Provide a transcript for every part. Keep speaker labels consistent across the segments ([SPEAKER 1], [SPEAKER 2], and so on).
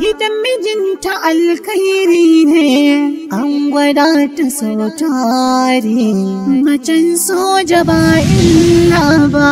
[SPEAKER 1] gidan mijinta alkhairi ne an gwada ta sautari macen soja ba illa ba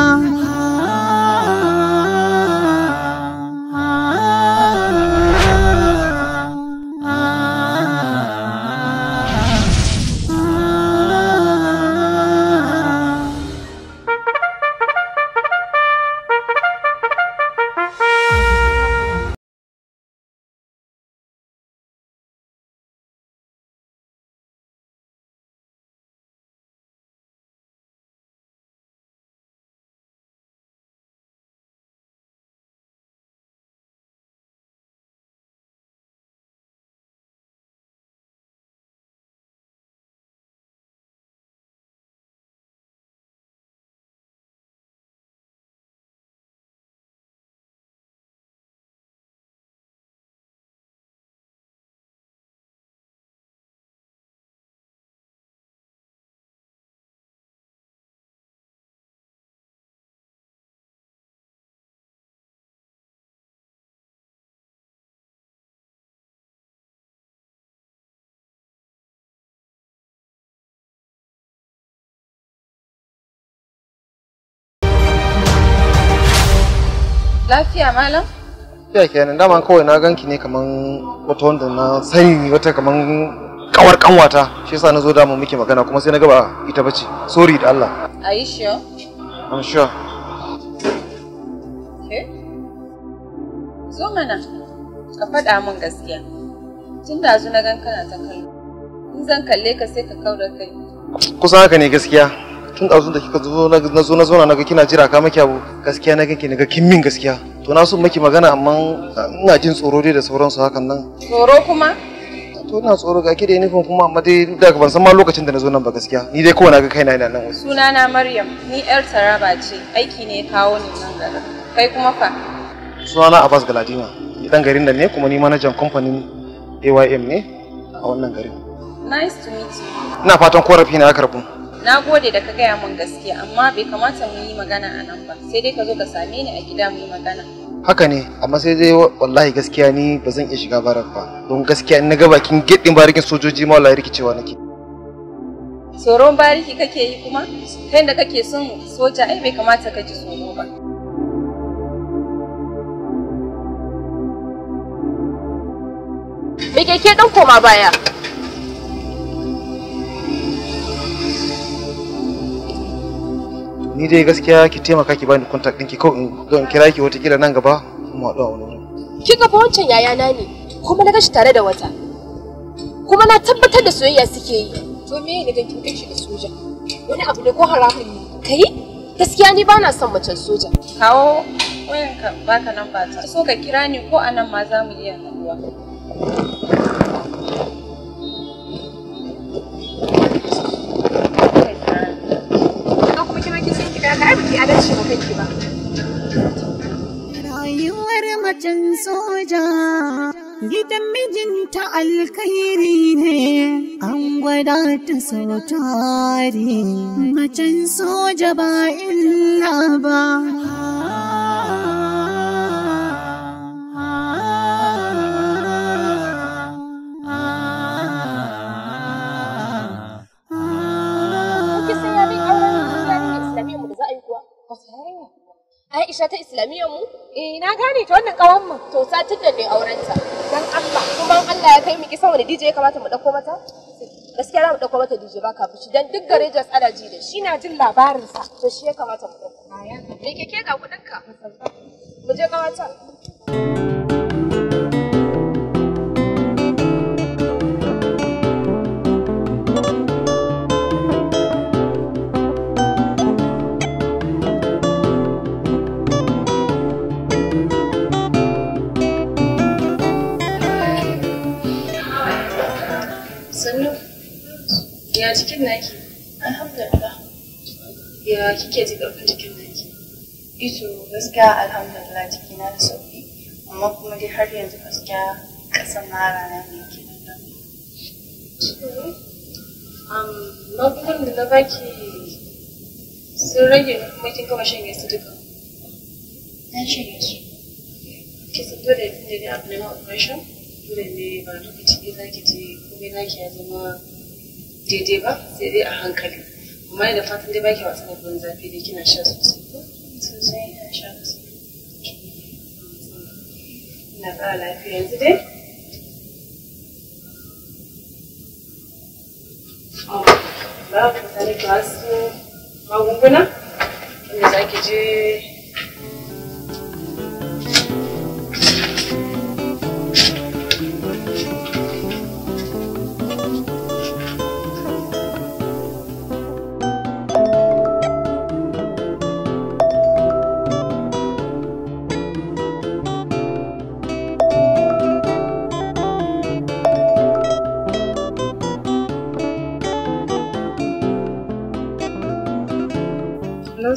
[SPEAKER 1] Lafiya malam?
[SPEAKER 2] Lafiya kenan dama kawai na ganki ne kaman wata wanda na sani wata kaman kawar kanwata shi yasa na zo mu muke magana kuma sai na gaba ita bace sorry da Allah. Are you sure? I'm sure.
[SPEAKER 1] Okay. Zo mana ka faɗa min gaskiya. Tun da na gan kana ta kallo. In zan kalle ka sai ka kaura kai.
[SPEAKER 2] Kusan haka ne gaskiya. tun zu da kika zo na zo na zo na ga kina jira ka maki abu gaskiya na ganki ne ga kin min gaskiya to na so miki magana amma ina jin tsoro dai da sauransu hakan nan tsoro kuma to ina tsoro ga da nufin kuma amma dai daga ban san ma lokacin da na zo nan ba gaskiya ni dai kowa na ga kaina ina nan wasu
[SPEAKER 1] na maryam ni yar taraba ce aiki ne kawo ni nan garin kai kuma fa
[SPEAKER 2] Suna na abbas galadima dan garin nan ne kuma ni manajan kamfanin aym ne a wannan garin
[SPEAKER 1] nice to meet you
[SPEAKER 2] ina fatan korafi na ya karbu
[SPEAKER 1] na gode da ka gaya min gaskiya amma bai kamata mu yi magana a nan ba sai dai ka zo ka same ni a gida mu yi magana
[SPEAKER 2] haka ne amma sai dai wallahi gaskiya ni ba zan iya shiga barak ba don gaskiya in na ga bakin gidin barikin sojoji ma wallahi rikicewa nake
[SPEAKER 1] tsoron bariki kake yi kuma kai da kake son soja ai bai kamata ka ji tsoro ba Me ke dan koma baya
[SPEAKER 2] ni dai gaskiya ki taimaka ki bani contact ɗinki ko in kira ki watakila nan gaba mu haɗu a wani wuri.
[SPEAKER 1] Kin ga wancan yayana ne kuma na gashi tare da wata kuma na tabbatar da soyayya suke yi to me ne ga kin kashi da soja wani abu ne ko haramun ne kai gaskiya ni bana son macen soja kawo wayanka baka nan ba ta so ka kira ni ko anan ma za mu iya haɗuwa Rayuwar macen soja gidan mijinta alkhairi ne an gwada ta sautari macen soja ba illa ba. Aisha ta Islamiyyar mu? Eh na gane ta wannan kawan mu. To satin da ne aurenta. Dan Allah kuma Allah ya kai mu kisa wani DJ ya kamata mu dauko mata? Gaskiya za mu dauko mata DJ ba fushi dan duk gare Jas ana ji da shi na jin labarin sa. To shi ya kamata mu dauko. Me keke ga kudin ka? Mu je kawata. cikin naki? Alhamdulillah. Ya kike ji ƙarfin cikin naki? Ito eh gaskiya alhamdulillah na da sauki amma kuma dai har yanzu gaskiya kasan mara na ne ke nan da. Um, magungunan da na baki sun rage ni kuma kin kama shan yasu duka. Na shanye su. Ki san dole da ne abu na operation dole ne ba lokaci ciki za ki je komai naki ya zama daidai ba sai dai a hankali amma da fatan dai baki wasu da ruwan zafi dai kina sha sosai ko sosai ina sha sosai ina ƙara lafiya yanzu dai ba oh, babu sani masu magunguna wanda za ki je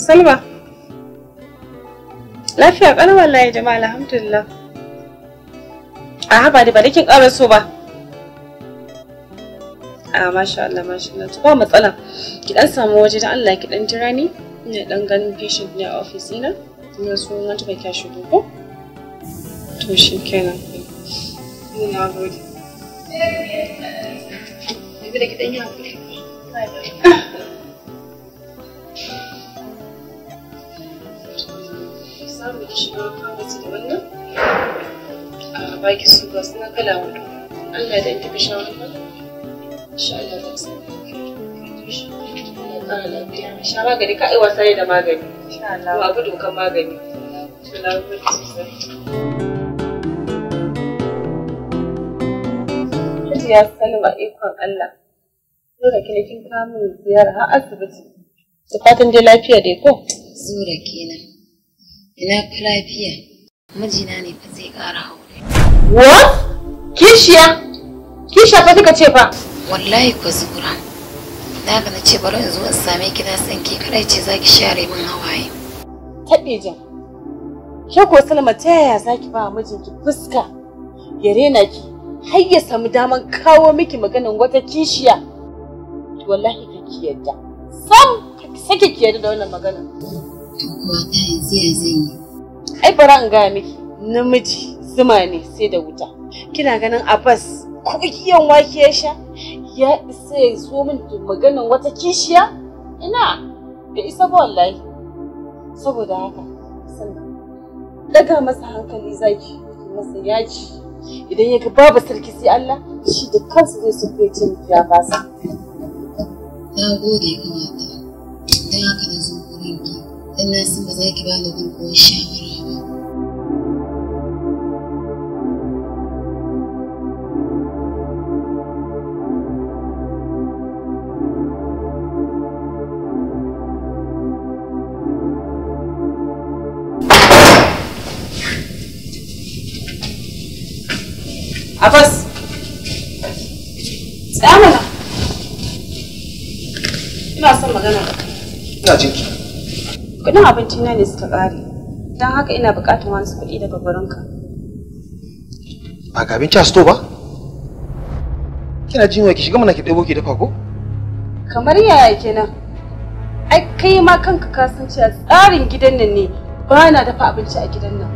[SPEAKER 1] Salma. Lafiya ƙarar wallahi jama'a alhamdulillah. A haba da ba da ƙara so ba. A masha Allah masha Allah To ba matsala. Ki dan samu waje dan Allah ki dan jira ni. Ina dan ganin patient ne a office ina. Ina so na tuka ka shigo ko? To shi kenan. na gode. Ni da ki dan yi hakuri. ki shiga da wannan a baki su ga suna kala hudu Allah da ki sha wannan insha Allah za sha magani ka ai wasa ne da magani insha Allah ba bu dokan magani lafiya sosai ya salma ikon Allah. Zura kina kin kamun ziyara har asibiti. Da fatan dai lafiya dai ko? Zura kina. Ina fi lafiya, mijina ne fa zai ƙara haure. What? Kishiya? Kishiya fa kika ce fa? Wallahi ku zura. Na ga na ce bari in zo in same ki na san ki kadai ce zaki share min hawaye. Taɓe jan, Ke ko Salma ta yaya zaki ba mijinki fuska ya rena ki har ya samu damar kawo miki maganin wata kishiya. Wallahi ki yadda. Sam sake ki yadda da wannan magana. Duk wata tafiya zan yi ai bara in gaya namiji zuma ne sai da wuta kina ganin abbas kugiyan wake ya sha ya isa ya zo min maganin wata kishiya ina da isa ba wallahi saboda haka sannan daga masa hankali zaki masa yaji idan ya ga babu sarki sai Allah shi da kansa zai su kai cin ya fasa na gode kawai da haka da zo don na san ba za ki bani shawara ba. Abbas, tsaya mana. Ina son magana. Ina jinki. kudin abinci na ne suka ƙare. Don haka ina buƙatar su kuɗi daga gurinka.
[SPEAKER 2] Ba ga abinci a sto ba? Kina jin wa ki shiga mana ki ɗebo ki dafa ko?
[SPEAKER 1] Kamar yaya kenan? Ai kai ma kanka ka san cewa tsarin gidan nan ne ba na dafa abinci a gidan nan.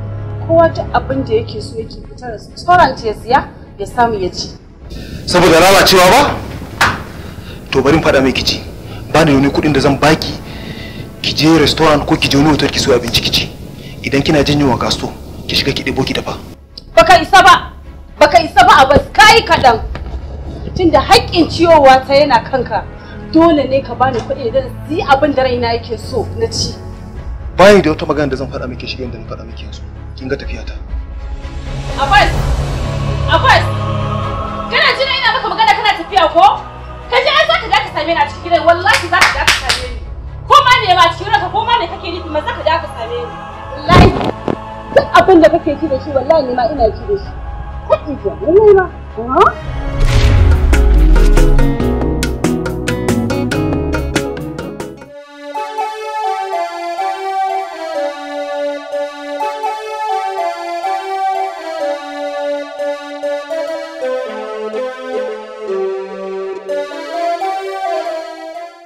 [SPEAKER 1] Kowa duk abin da yake so yake fitar da tsoron ya siya ya samu ya ci.
[SPEAKER 2] Saboda lalacewa ba? To bari in faɗa miki ci. Ba ni wani kuɗin da zan baki je restaurant ko ki je wani hotel ki so abinci ki ci idan kina jin yunwa kaso ki shiga ki ɗebo ki dafa
[SPEAKER 1] baka isa ba baka isa ba abas kai kaɗan tunda haƙƙin ciyowa ta yana kanka dole ne ka bani kuɗi idan yi abin da raina yake so na ci
[SPEAKER 2] bayan da wata magana da zan faɗa miki shi yadda na faɗa miki yanzu kin ga tafiya ta
[SPEAKER 1] abas abas kana jin ina maka magana kana tafiya ko ka je ai zaka ga ka same ni a cikin gidan wallahi zaka ga ka same ne ba cikin ranka ko ma me kake nufi maza ka da ka same ni wallahi duk abin da kake ci da shi wallahi ne ma ina ci da shi kai ji wallahi ma